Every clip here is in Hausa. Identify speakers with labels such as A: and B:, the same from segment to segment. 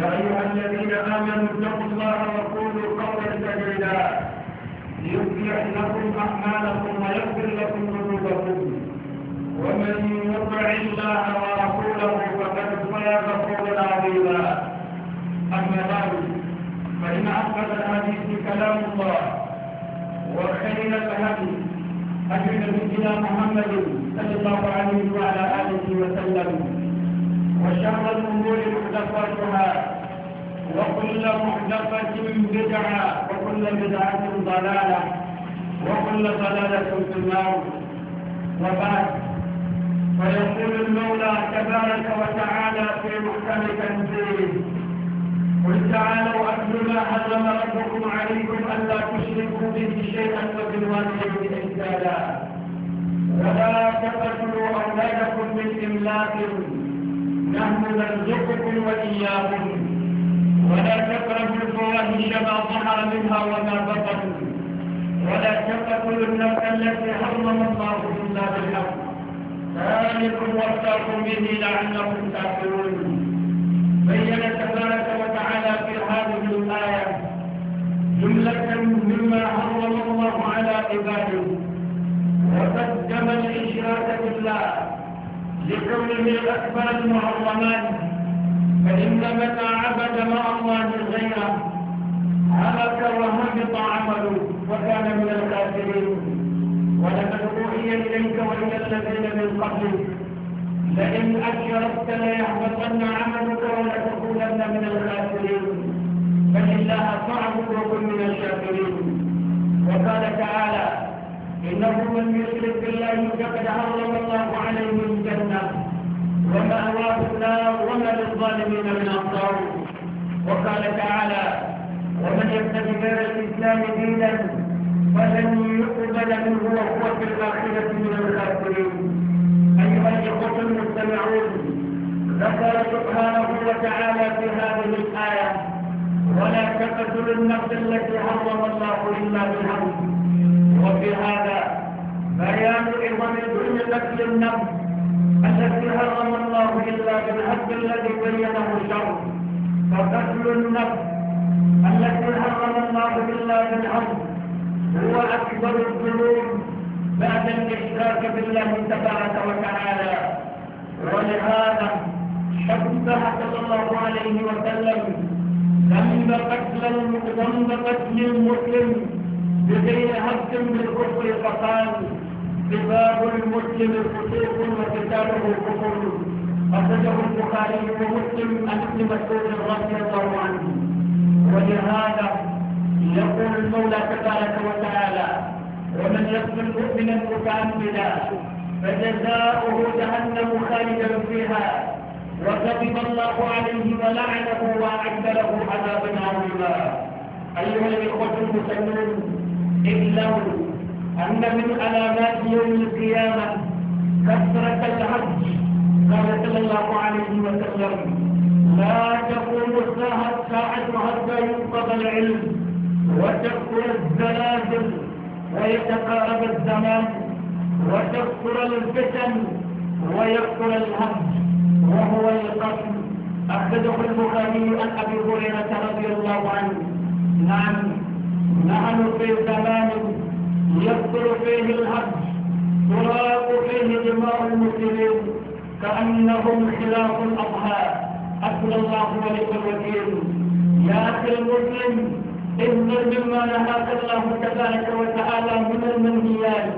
A: يا أيها الذين آمنوا اتقوا الله وقولوا قولا سديدا ليصلح لكم أعمالكم ويغفر لكم ذنوبكم ومن يطع الله ورسوله فقد فاز فوزا عظيما أما بعد فإن أحسن الحديث كلام الله وخير الهدي هدي نبينا محمد صلى الله عليه وعلى آله وسلم وشر الأمور محدثاتها وكل محدثة بدعة وكل بدعة ضلالة وكل ضلالة في النار وبعد فيقول المولى تبارك وتعالى في محكم تنزيله قل تعالوا أتل ما حرم ربكم عليكم ألا تشركوا به شيئا وبالوالدين إحسانا ولا تقتلوا أولادكم من إملاق نحن نرزقكم وإياكم ولا تقربوا الفواحش ما ظهر منها وما بطن ولا تقتلوا النفس التي حرم الله إلا بالحق ذلكم وصاكم به لعلكم تعقلون بين تبارك وتعالى في هذه الآية جملة مما حرم الله على عباده وقدم الإشراك بالله لكونه أكبر المحرمات فإن متى عبد مع الله غيره هلك وهبط عمله وكان من الخاسرين ولقد أوحي إليك وإلى الذين من قبلك لئن أشركت ليحبطن عملك ولتكونن من الخاسرين فإن لها صعب وكن من الشاكرين وقال تعالى إنه من يشرك بالله فقد حرم الله عليه الجنة ومأواه النار وما للظالمين من أنصار وقال تعالى ومن يبتغي غير الإسلام دينا فلن يقبل منه وهو في الآخرة من الخاسرين أيها الإخوة المستمعون ذكر سبحانه وتعالى في هذه الآية ولا تقتلوا النفس التي حرم الله إلا بالحق وفي هذا بيان عظم ظلم قتل النفس التي هرم الله الا بالحد الذي بينه الشر فقتل النفس التي هرم الله الا بالحد هو اكبر الذنوب بعد الاشراك بالله تبارك وتعالى ولهذا شبه صلى الله عليه وسلم ذنب قتل المسلم لكي يهدم بالكفر فقال كتاب المسلم فسوق وكتابه كفر أخرجه البخاري ومسلم عن ابن مسعود رضي الله عنه ولهذا يقول المولى تبارك وتعالى ومن يقتل مؤمنا متعمدا فجزاؤه جهنم خالدا فيها وكتب الله عليه ولعنه واعد له عذابا عظيما ايها الاخوه المسلمون إلا أن من علامات يوم القيامة كثرة الحج قال صلى الله عليه وسلم لا تقوم الساعة حتى ينقض العلم وتكثر الزلازل ويتقارب الزمان وتكثر الفتن ويكثر الهم وهو القتل أخذه البخاري عن أبي هريرة رضي الله عنه نعم نحن في زمان يكثر فيه الهج تراق فيه دماء المسلمين كأنهم خلاف الأضحى أسأل الله ملك الوكيل يا أخي المسلم انظر مما نهاك الله تبارك وتعالى من المنهيات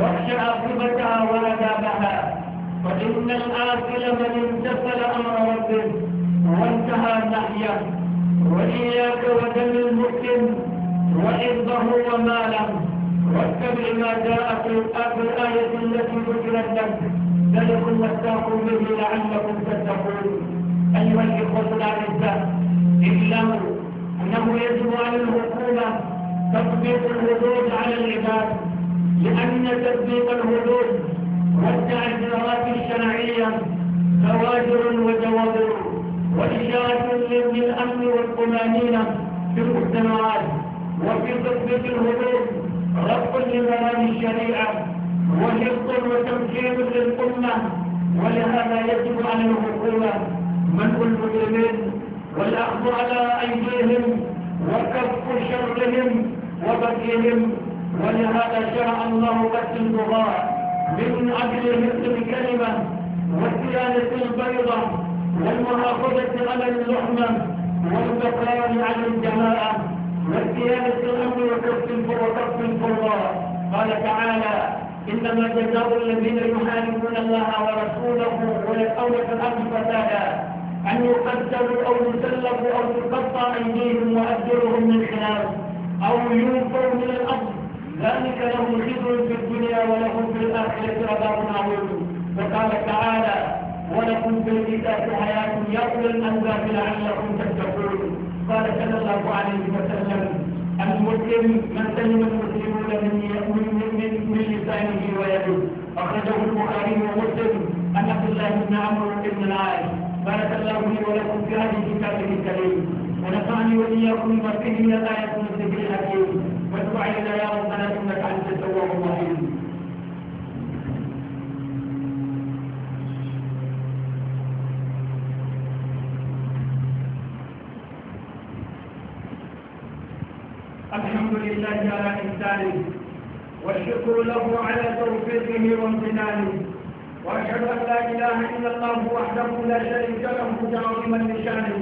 A: واخشى عاقبتها وعذابها فإن الآكل من امتثل أمر ربه وانتهى نحيه وإياك ودم المسلم وعرضه وماله واتبع ما جاء في الآية التي ذكرت لك ذلكم واتقوا به لعلكم تتقون أيها الإخوة الأعزاء اعلموا أنه يجب على الحكومة تطبيق الهدود على العباد لأن تطبيق الهدود والتعزيرات الشرعية فواجر وجوابر وإشارة للأمن والطمأنينة في المجتمعات وفي تطبيق الهدوء ربط لمرام الشريعة وحفظ وتمكين للأمة ولهذا يجب على الحكومة منع المجرمين والأخذ على أيديهم وكف شرهم وبكيهم ولهذا شرع الله بث البغاء من أجل حفظ الكلمة والسيادة البيضة والمحافظة على اللحمة والبقاء على الجماعة والثياب السلام وكف وكف الله قال تعالى إنما جزاء الذين يحاربون الله ورسوله ويقول في الأرض فسادا أن يقتلوا أو يسلبوا أو تقطع أيديهم واجرهم من خلاف أو ينفوا من الأرض ذلك لهم خزي في الدنيا ولهم في الآخرة عذاب عظيم وقال تعالى ولكم في الكتاب حياة يا أولي الألباب لعلكم تتقون قال صلى الله عليه وسلم المسلم من سلم المسلمون من من من من لسانه ويده اخرجه البخاري ومسلم ان عبد الله بن عمرو بن العاص بارك الله لي ولكم في هذه كتابه الكريم ونفعني واياكم بما فيه من الايه المسلمين الحكيم واتبع الى يا ربنا انك انت التواب الرحيم الحمد لله على إحسانه والشكر له على توفيقه وامتنانه وأشهد أن لا إله إلا الله وحده لا شريك له تعظيما لشانه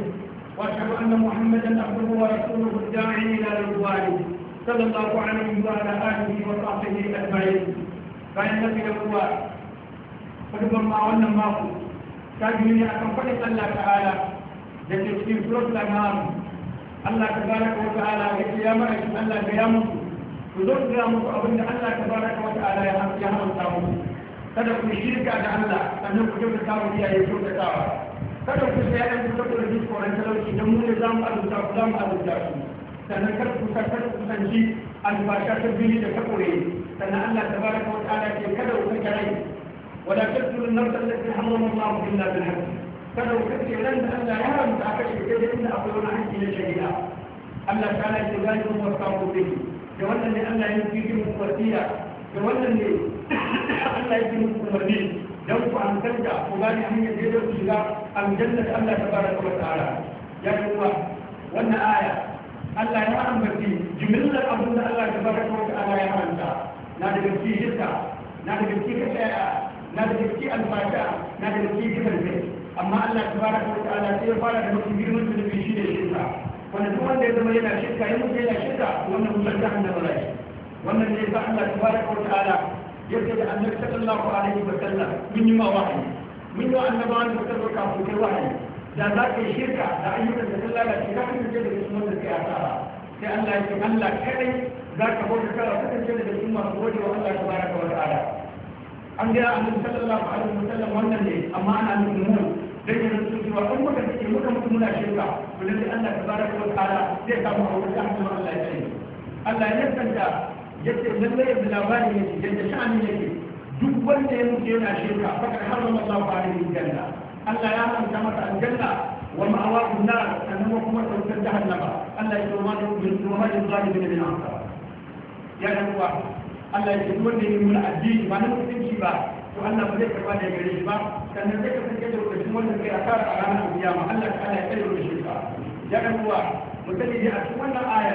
A: وأشهد أن محمدا عبده ورسوله الداعي إلى رضوانه صلى الله عليه وعلى آله وصحبه أجمعين فإن في الأخوة kudubar ma wannan mako ta biyu ne akan faɗin Allah ta'ala da ke cikin Florida na Allah ta baraka wa ta'ala ya ce ya mara shi Allah ga ya mutu ku zo ku ga muku abin da Allah ta baraka wa ta'ala ya haramta muku kada ku shirka da Allah sannan ku kyauta ta mu iyaye ku ta kada ku sai an ku tabbata da koran talauci don mu za mu azurta ku za mu azurta ku sannan kada ku sa kada ku sanci albarka ta bili da ta kore sannan Allah ta baraka wa ta'ala ya kada ku kare wala taqtulun nafsan allati harrama Allah illa bil kada ku kace ran da Allah ya haramta aka shige da inda akwai wani hanki na shari'a Allah ta ala ke zai mu wasa ku bi da wannan ne Allah ya yi mu wasiya da wannan ne Allah ya yi mu umarni dan ku an kanta ku gani hanyar da ya shiga an da Allah tabaraka wa ta'ala ya kuwa wannan aya Allah ya ambaci jimillar abin da Allah ta tabaraka wa ta'ala ya haramta na daga cikin shirka na daga cikin kasaya na daga cikin alfata na daga cikin kifarfe amma Allah ta tabaraka wa ta'ala sai ya fara da mafi girman da shi da shirka wanda duk wanda ya zama yana shirka ya mutu yana shirka wannan mutum ta hanyar da rai wannan ne ba Allah ta tabaraka wa ta'ala ce da annabi sallallahu alaihi wa sallam mun yi ma wahayi mun yi annabawan da suka kafin kai wahayi da za ka yi shirka da ayyukan da sun lalace ka kan da su wanda kai tsara sai Allah ya ce Allah kai za ka bauta kara kasance da su masu gode wa Allah tabaraka wa ta'ala an gaya annabi sallallahu alaihi wa sallam wannan ne amma ana nufin mu dan yana su cewa in muka ce muka mutu muna shirka to lalle Allah tabaraka wa ta'ala zai samu a wurin rahmatu Allah ya ce Allah ya sanda yadda lalle yanzu labarin yake yadda sha'ani yake duk wanda ya mutu yana shirka fakar harama Allah ba alaihi janna Allah ya haramta masa aljanna wa ma'awahu nar sannan kuma sautar jahannama Allah ya ce wa min ansar ya Allah ya ce wanda ya yi addini ba na mutunci ba to Allah ba zai karba daga gare shi ba sannan zai kasance da lokacin wanda kai a kara a ranar kiyama Allah ta ya da shirka ya kan kuwa mutane ne a cikin wannan aya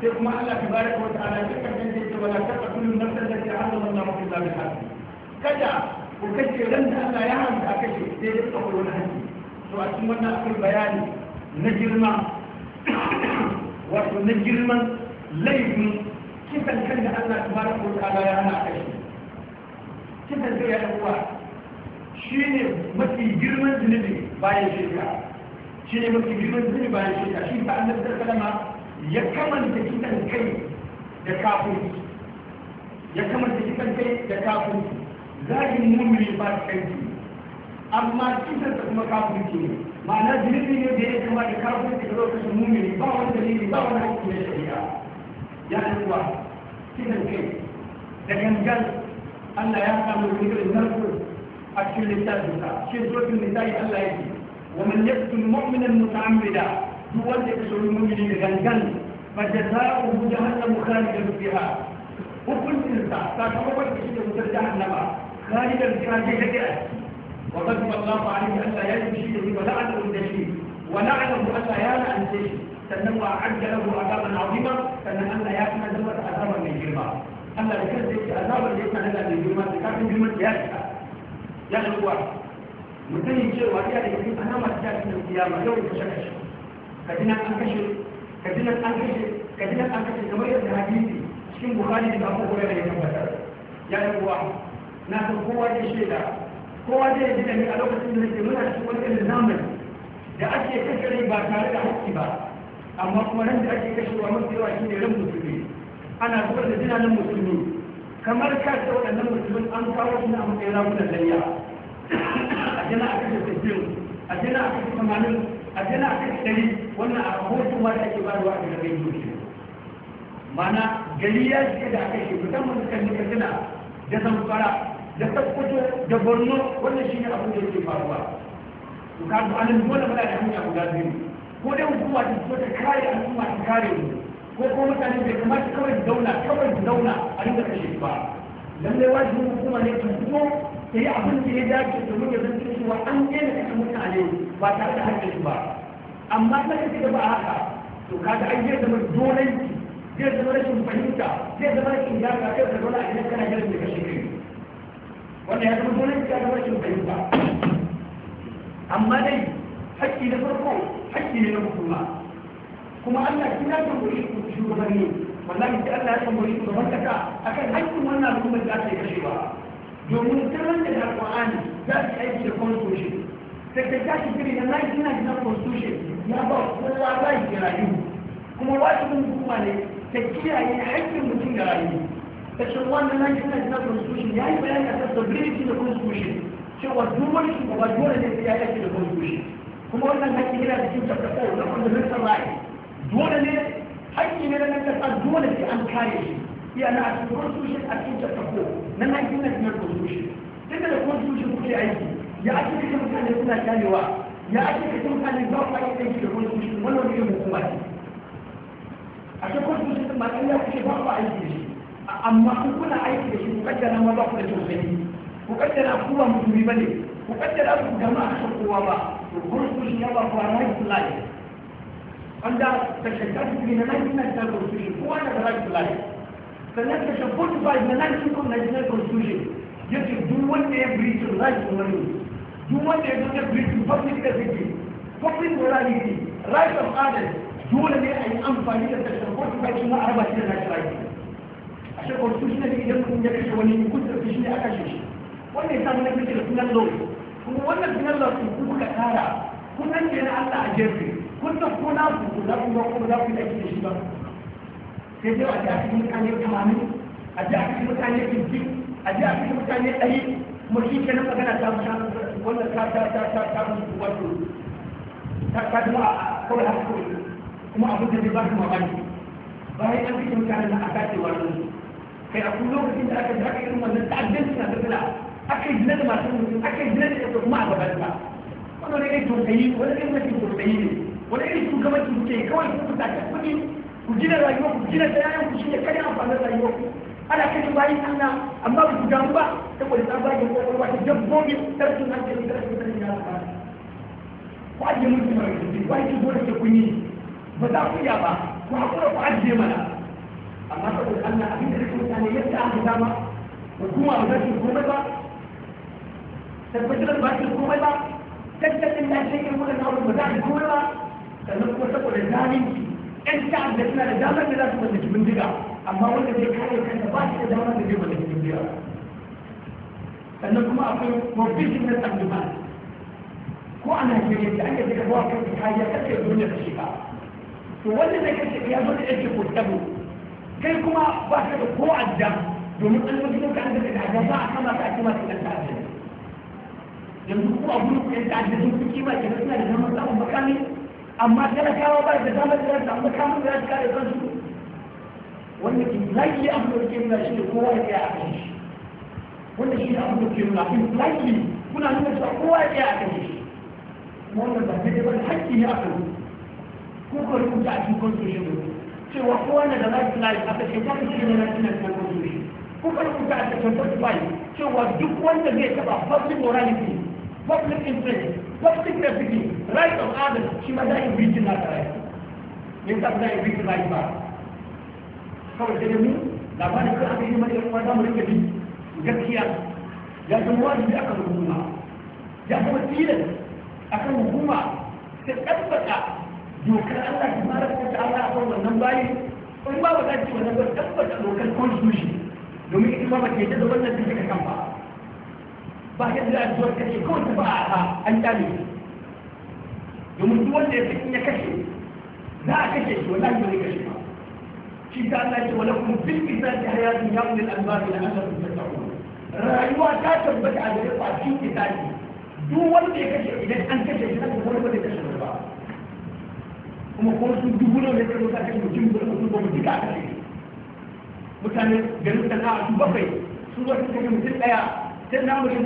A: sai kuma Allah ta baraka wa ta'ala ya karban da yake wala ta kullu nafsan da ke Allah mafi zabi ha kada ku kace ran da Allah ya haramta a kace sai da kuka wani hanci to a cikin wannan akwai bayani na girma wato na girman laifin kisan kan da Allah ta baraka wa ta'ala ya hana a kisan kai ya uwa shi ne mafi girman zunubi bayan shirka shi ne mafi girman zunubi bayan shirka shi ta annabi sallallahu ya kamanta kisan kai da kafin ya kamanta kisan kai da kafin zahirin mumini ba su kanki amma kisan ta kuma kafirci ne ma'ana zunubi ne da ya kama da kafin da lokacin mumini ba wani dalili ba wani hakki na shari'a ya uwa kisan kai da gangan Allah ya samu zikirin narko a cikin littafin sa shi zofin littafi Allah ya ce wa man yaqtul mu'mina muta'ammida duk wanda ya kashe mu'mini da gangan fa jazaohu jahannamu khalidan fiha hukuncin sa sakamakon da shi ne mutar jahannama khalidan fiha ke kake a ciki wa qad wallahu alayhi alla yajshi bihi wa la'anahu dashi wa la'anahu alla yana an sannan wa ajjalahu adaban azima sannan Allah ya kuma zama azaban mai girma Allah da kansa yake azabar da yake nada mai girma da kafin girman da ya shiga ya da ruwa mutumin cewa ya da yake anama ta cikin kiyama yau ka shaka shi ka dinan an kashe ka dinan an kashe ka dinan an kashe kamar yadda hadisi cikin bukhari da abu da ya tabbatar ya da ruwa na san kowa ya shaida kowa zai ji da ni a lokacin da nake muna cikin wani irin zamani da ake kashe ba tare da hakki ba amma kuma nan da ake kashewa mafi yawa shine ran musulmi ana kuma da nan musulmi kamar ka ce waɗannan musulmin an kawo shi a matsayin ramunan layya a jana a kashe sabbin a jana a kashe tamanin a jana a kashe ɗari wannan a rahoton ma da ake bayarwa a daga gaibu shi mana gari ya shiga da aka shi wani kan nika jina da zamfara da sakkwato da borno wannan shi ne abin da yake faruwa to ka zo anan dole muna da hanya guda biyu ko dai hukuma ta fito ta kare al'umma ta kare mu ko kuma mutane bai kamata kawai zauna kawai zauna a inda kashe ba lallai wajibin hukuma ne ta fito ta yi abin da ya dace domin ya zanto cewa an daina kashe mutane ba tare da hankali ba amma ta kashe da ba haka to kaga an yi zama dole, zai zama rashin fahimta zai zama rashin yaka zai zama wani idan kana yadda da kashe kai wannan ya zama dole ya zama rashin fahimta amma dai hakki na farko hakki ne na hukuma kuma Allah shi ya tambaye ku shugabanni wallahi sai Allah ya tambaye ku gaban kaka akan haƙƙin wannan al'ummar da ake kashewa domin tarar da al-qur'ani za su aiki da constitution tattakashi gari na na gina gina constitution ya ba kowa ba ya rayu kuma wajibin hukuma ne ta kiyaye haƙƙin mutum da rayu ta ce wannan na gina gina constitution ya yi bayani a stability da constitution cewa duk wani shugaba dole ne sai ya aiki da constitution kuma wannan haƙƙi yana cikin chapter 4 na fundamental rights dole ne haƙƙi ne na kasa ƙasa dole sai an kare shi iya na a cikin constitution a cikin tattako na 1999 constitution tunda da constitution kuke aiki ya ake cikin mutane suna kyanewa ya ake cikin mutane ba ku ake aiki da constitution wannan ne hukuma ce a cikin constitution ɗin ba ɗan ya kuke ba ku aiki da shi amma in kuna aiki da shi ku kaddara ma ba ku da tausayi ku kaddara ku ba mutumi ba ne ku kaddara ku gama a cikin kowa ba to constitution ya ba ku a right to life wanda tashakkaci ne na 1999 constitution kowa da right sannan na 1999 constitution ya ce duk wanda ya breachin right to money duk wanda ya public public of others dole ne a yi amfani da kuma a raba shi da nashi a shi constitution ne idan ya kashe wani shi ne shi wannan ya samu na da sunan kuma wannan sunan ke na Allah a jefe kun da ko na ku ku ko ku da shi ba sai dai a ji a cikin mutane tamanin a ji a cikin mutane a ji a cikin mutane ɗari ke nan magana ta wannan ta ta ta ta ta wato ta ta a haka kuma abin da zai ba su bayan an cikin mutane na a kace wato kai a kun lokacin da aka ji irin wannan na tafiya aka yi da masu mutum aka yi da kuma a wannan ne kai wani ne kai ne wani irin shugabanci kuke kawai ku tashi kuɗi ku gina rayuwa ku gina tsayayen ku shine kada amfanin rayuwa ku ana kashe bayan Allah amma ba ku damu ba saboda ta bayan kwakwalwa ta dabbobi tarkin hankali da rashin sanin ya ba ku ajiye mulki mara gidi ba ki dole ke kun yi ba za ku ya ba ku hakura ku ajiye mana amma saboda Allah abin da kake mutane yadda aka dama hukuma ba za ta komai ba tabbatar ba ta komai ba tattalin da ake yi wannan abu ba za ta komai ba sannan kuma saboda zalunci yan ta'adda suna da damar da za su mallaki bindiga amma wanda zai kare kansa ba shi da damar da zai mallaki bindiga sannan kuma akwai mafishin na tsanduman ko a najeriya da an yadda ka bawa kanka kariya kake duniya da shiga to wanda zai kashe ya zo da yake ko tabo kai kuma ba ka da ko adda domin an zo gidanka an daga da ba a kama ka a kima ka ta'adda yanzu ko a gurin yan ta'adda sun fi kima kenan suna da damar samun makami amma talakawa ba da damar da za su samu da za su kare kansu wanda ke lalle abu da ke nuna shi ne kowa ya tsaya a kan shi wanda shi abu da ke nuna in lalle kuna nuna cewa kowa ya tsaya a kan shi kuma wannan ba daidai ba da hakki ne a kan ko ko rubuta a cikin constitution cewa kowa na da right life a shi ne na national constitution ko ko rubuta a cikin 45 cewa duk wanda zai taba public morality public interest toxic density right of others shi ma za a yi breaching nasa right ne ta za a yi breaching right ba kawai sai mu labarin kan aka yi mai yan kwana mu rike bi gaskiya ya zama wajibi akan hukuma ya zama tilas akan hukuma ta tabbata dokar Allah ta mara ta ta'ala a kan wannan bayi in ba ba za ta ci wannan ba tabbata dokar constitution domin ita ba ba ke da wannan take kan ba ba yadda a zuwa kashe kawai ta ba a an kyale domin duk wanda ya fi ya kashe za a kashe shi wallahi ba kashe ba shi ta Allah ce wala kun fil qisas hayatun ya ulil albab la antum tattaqun rayuwa ta tabbata a gare ba a cikin qisasi duk wanda ya kashe idan an kashe shi zaka wani ba kashe ba kuma ko su dubu ne da kazo ka kashe mutum guda mutum ba mutum ka kashe mutane garin na su bakwai su zo su kashe mutum daya sai na mutum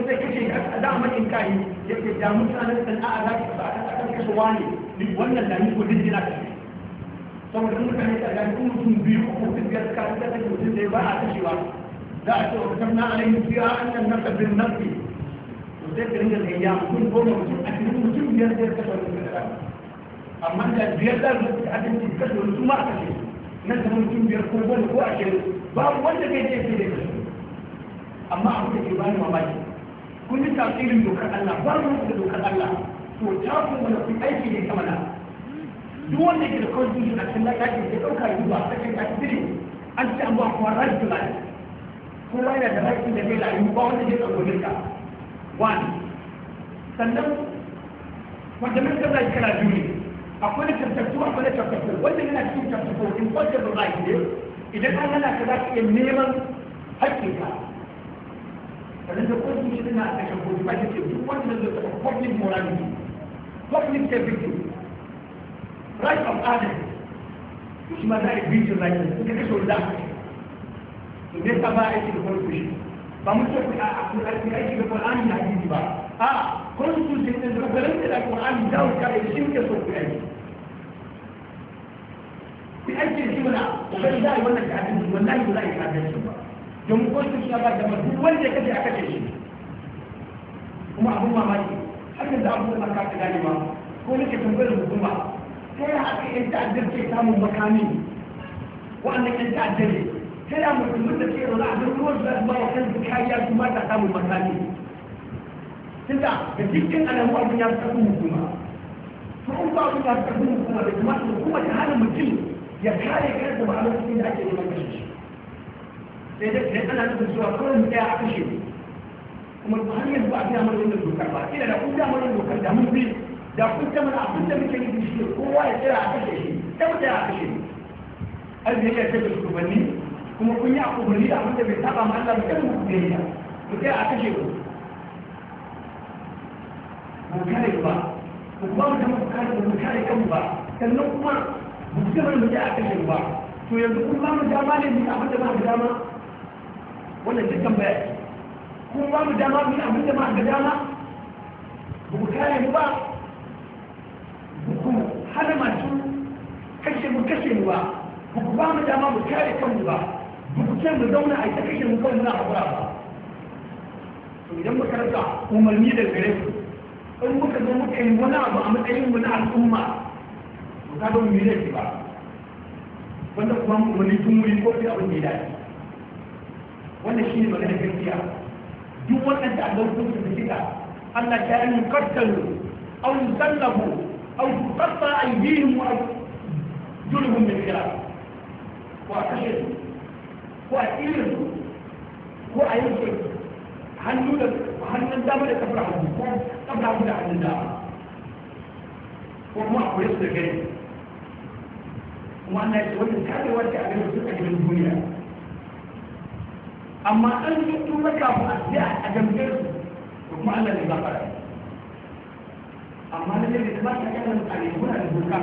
A: in kai yake da sana'a za ka kashe wani wannan da ni ko saboda ga mutum biyu ko biyar ka da kake mutum da ba a kashewa a ce wa bin to sai ka ringa mutum mutum a cikin mutum biyar kashe wani da amma da biyar da mutum a cikin kashe wani ma a kashe nan da mutum biyar ko ko babu wanda ke ce ke da ke amma abu da ke ba ni mamaki kun ji tasirin dokar Allah ba mu da dokar Allah to ta ku da ku aiki ne kamar nan duk wanda ke da kawai zuciya cikin lafiya ke dauka yi ba a cikin tasiri an ce an ba kuma right da life ko wai da right da zai rayu ba wanda da ɗauko ka wani sannan wanda mun kaza shi kala biyu akwai da tabbatattu akwai da tabbatattu wanda yana cikin tabbatattu in kwanta da right ne idan an hana ka za ka iya neman haƙƙinka sannan da kotun shi tana a kashin ba ce duk wannan da taɓa public morality public safety right of others shi ma za a yi bijin right in ka kashe wanda aka to dai ba aiki da kotun shi ba mu ce a aiki aiki da Qur'ani yi hadisi ba a kotun shi ne da garin da Qur'ani da wuta yi shi ke so ku aiki ku aiki shi mana ko kai za a yi wannan ta'addanci wallahi ba za a yi ta'addanci don hukuncin shi ba da duk wanda ya kaje aka ce kuma abun mamaki har yanzu abubuwan ka ta gane ba ko nake tambayar hukuma ta yi haka yan ta'addar ke samun makami wa'annan yan ta'addar ne ta yi musulmin da ke rana a duk ruwan za su ba wa kansu kariya su ma ta samun makami tunda da dukkan alamu abin ya fi karfin hukuma to in ba abin ya fi karfin hukuma da kuma kuma ta hana mutum ya kare kansa ba a lokacin da ake neman kashe shi sai ana nufin cewa kawai mu tsaya a kashe kuma har yanzu ba a gina mana wannan dokar ba kila da kun gina mana dokar da mun bi da kun ta mana abin da muke yi shi kowa ya tsaya a kashe shi ta mu tsaya a kashe arziki ya ce da shugabanni kuma kun yi akubali da abin da bai saba ma Allah ba kan mu ne ya ku tsaya a kashe ku mu kare ba ku ba mu da mu kare mu kare kanmu ba sannan kuma mu tsaya mu tsaya a kashe mu ba to yanzu kun ba mu dama ne mu abin da ba mu dama wannan dukkan baya kuma ba mu dama mu yi abin da ma ga dama ba ku kare mu ba ba ku hana masu kashe mu kashe mu ba ba ku ba mu dama mu kare kanmu ba ba ku ce mu zauna a ita kashe mu kawai na haƙura ba to idan muka rasa umarni da gare ku in muka zo muka yi wani abu a matsayin mu na al'umma to ka ga mu yi ba wanda kuma mu ne tun wuri ko abin da ya dace wannan shi ne magana gaskiya duk waɗanda a lokacin da suka Allah ta yi kattalu aw yusallabu aw tuqatta aydihim wa julhum min khilaf ko a kashe su ko a tsire su ko a yanke hannu da hannun dama da kafar hannu ko kafar hannu da hannun dama ko kuma a kure su da gani kuma Allah ya ce wannan tare wacce a gani suka gidan duniya amma an yi tuba kafin a siya a jamfiyar su to kuma Allah ne gafara amma lalle da ba ta kana a ne kuna da doka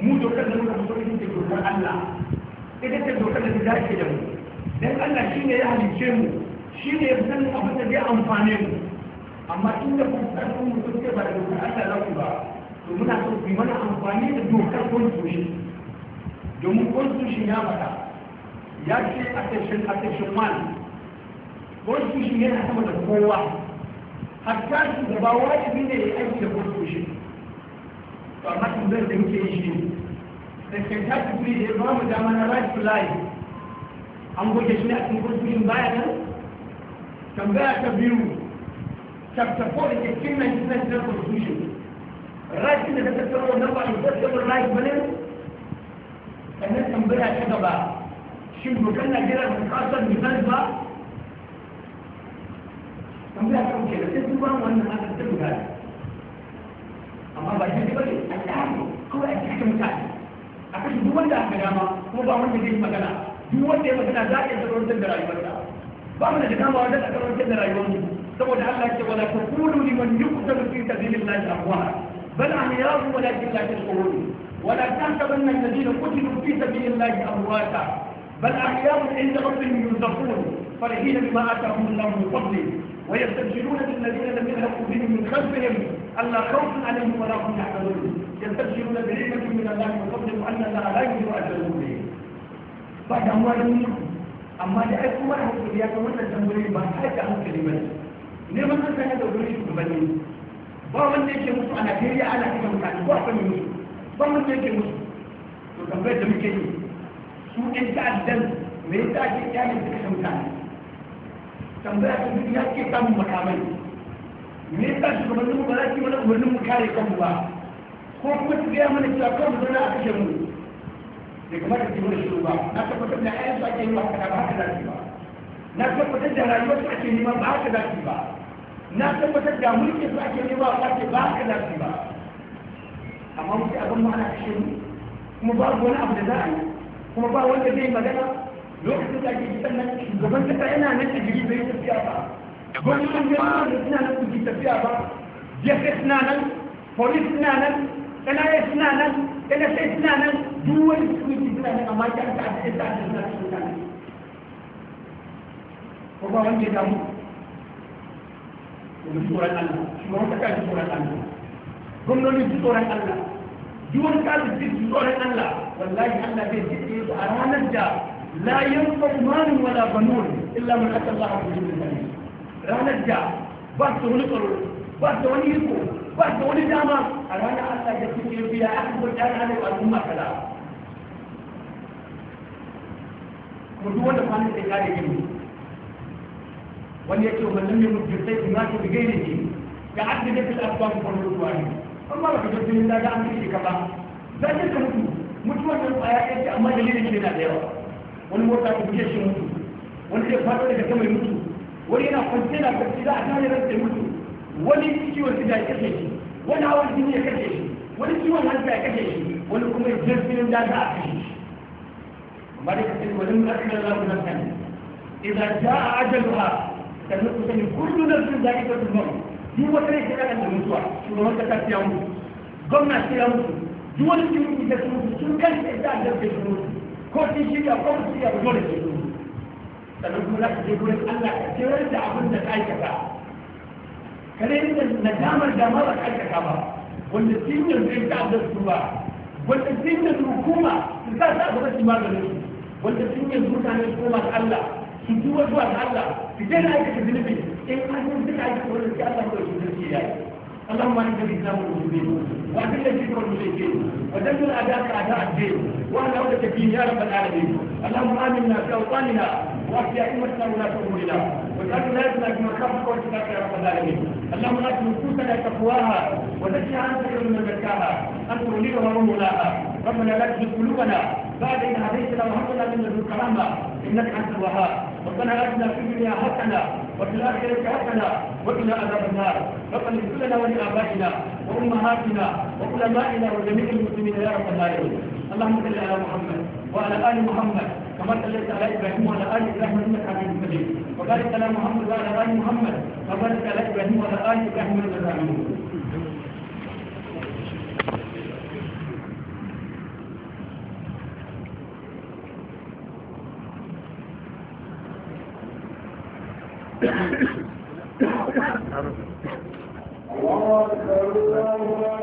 A: mu doka da muka fito yin ce dokar Allah idan ta doka da ta dace da mu dan Allah shine ya halice mu shine ya san abin da zai amfane mu amma inda kun san mu kun ce ba da dokar Allah za ku ba to muna so ku mana amfani da dokar constitution domin constitution ya faɗa ya ce a section a section 1 بوزيشن هنا حسب الدكتور واحد حكاش بواي بين الاي في بوزيشن فما تقدر تمشي شيء لكن كانت في الرام ده انا رايت فلاي ام بو جسمي اكو بوزيشن بايد كم بقى كبيرو كم تفور الكلمه دي في البوزيشن رايت ده الدكتور هو نبع البوزيشن رايت بنين انا كم بقى كده بقى شنو كنا جرا من قصد مثال بقى a kan wuce da sai su ba wannan aka ta amma ba shi bane a tsari kawai a cikin mutane a kashe duk wanda aka dama kuma ba wanda zai magana duk wanda ya magana za a iya sarwantar da rayuwarsa ba mu da dama wajen a sarwantar da rayuwarmu saboda Allah ce wala taqulu liman yuqtalu fi sabilillahi amwat bal ahya'u walakin la tashkurun ولا تحسبن الذين قتلوا في سبيل الله امواتا بل احياء عند ربهم يرزقون فرحين بما اتاهم الله من فضله ويستبشرون بالذين لم يلحقوا بهم من خلفهم الا خوف عليهم ولا هم يحزنون يستبشرون بنعمه من الله وفضل ان الله لا يضيع اجر المؤمنين بعد اموالهم amma da ai kuma hankali ya ga wannan tambayoyi ba ta da hankali ba neman san kana da wurin shugabanni ba wanda yake musu a Najeriya ana cikin mutane ba wanda musu ba wanda yake musu to tambayar da muke yi su ɗan ta'addan me yasa ake kyalin suka mutane tambaya ta duk ya ke samun makamai me yasa shugabannin ba za ki mana umarnin mu kare kanmu ba ko kuma su gaya mana cewa kawai mu zauna a kashe mu bai kamata ki mana shiru ba na tabbatar da ayan ake yi haka ba haka za ba na tabbatar da rayuwar su ake nema ba haka za ba na tabbatar da mulkin su ake nema ba haka ba haka za ba amma muke abin ma ana kashe mu kuma babu wani abu da za a yi kuma ba wanda zai magana lokacin da ake gidan nan gaban kasa yana nan a bai tafiya ba gwamnatin jama'a da suna nan kuji tafiya ba jefe suna nan polis suna nan kanaye suna nan nsa suna nan duk wani sukuci suna nan amma ta ta ta ta ta suna suna nan ko ba wanda ya damu da tsoron Allah shugaban kasa da tsoron Allah gwamnati tsoron Allah duk wani kalin tsoron Allah wallahi Allah zai jiɗe su a ranar da لا yanfa مال ولا بنون الا من اتى الله bi dinin ranar da ba ta wani tsaro ba ta wani iko ba ta wani dama a ranar Allah da suke biya aka al'umma duk wanda kwanan kare gini wani yake ne ne ga wani ka jirgin da ga an mutu mutuwar da amma dalilin na da yawa wani mota ko kuje shi mutu wani zai faɗo daga sama mutu wani yana kwance na barci za a tare ransa ya mutu wani ciwon sida ya kashe shi wani hawan jini ya kashe shi wani ciwon hanta ya kashe shi wani kuma ya jirgin filin da za a kashe shi amma da kasance wani mutum da za ku zanta ne idan ta a ajaluwa sannan sani kullu na sun zaƙi ta su zama Ni wata ne kira kan da mutuwa wani kasa ta mutu gwamna ta mutu duk wani ciwon da su mutu sun kan da ita da jirgin su mutu ko sun shirya ko sun shirya ba da ke dole sannan kuma za ka je gurin Allah ka kewar da abin da ka aikata ka ne da nadamar da ma ba ka aikata ba wanda sun yanzu ya ta da su ba wanda sun yanzu hukuma su sa su abu rashin maganin su wanda sun yanzu mutane su koma ga Allah su duba zuwa ga Allah su je na aikata zunubi in an yi duka aikata wanda sai Allah kawai su zurfi ya yi Allah ma ne da mu ne wa kin da kike mu ne ke wa dan da ada ka ada ke wa Allah da ke biya da bala ne Allah mu amina ka wa ni na wa ki ai mu tsaya na ku da wa da na ya na kuma ko ta ka ya bala ne Allah mu na ku ku ta ka kuwa ha wa da ki an ta ka mu ga ha an ku ni da wa mu la ha rabbana la tuzigh qulubana ba'da idh hadaytana wa hab lana min ladunka rahma innaka antal wahhab ربنا اتنا في الدنيا حسنه وفي الاخره حسنه وقنا عذاب النار ربنا اغفر لنا ولابائنا وامهاتنا وعلمائنا وجميع المسلمين يا رب العالمين اللهم صل على محمد وعلى ال محمد كما صليت على ابراهيم وعلى ال ابراهيم انك حميد مجيد وبارك على محمد وعلى ال محمد وبارك على ابراهيم وعلى ال ابراهيم انك حميد مجيد الله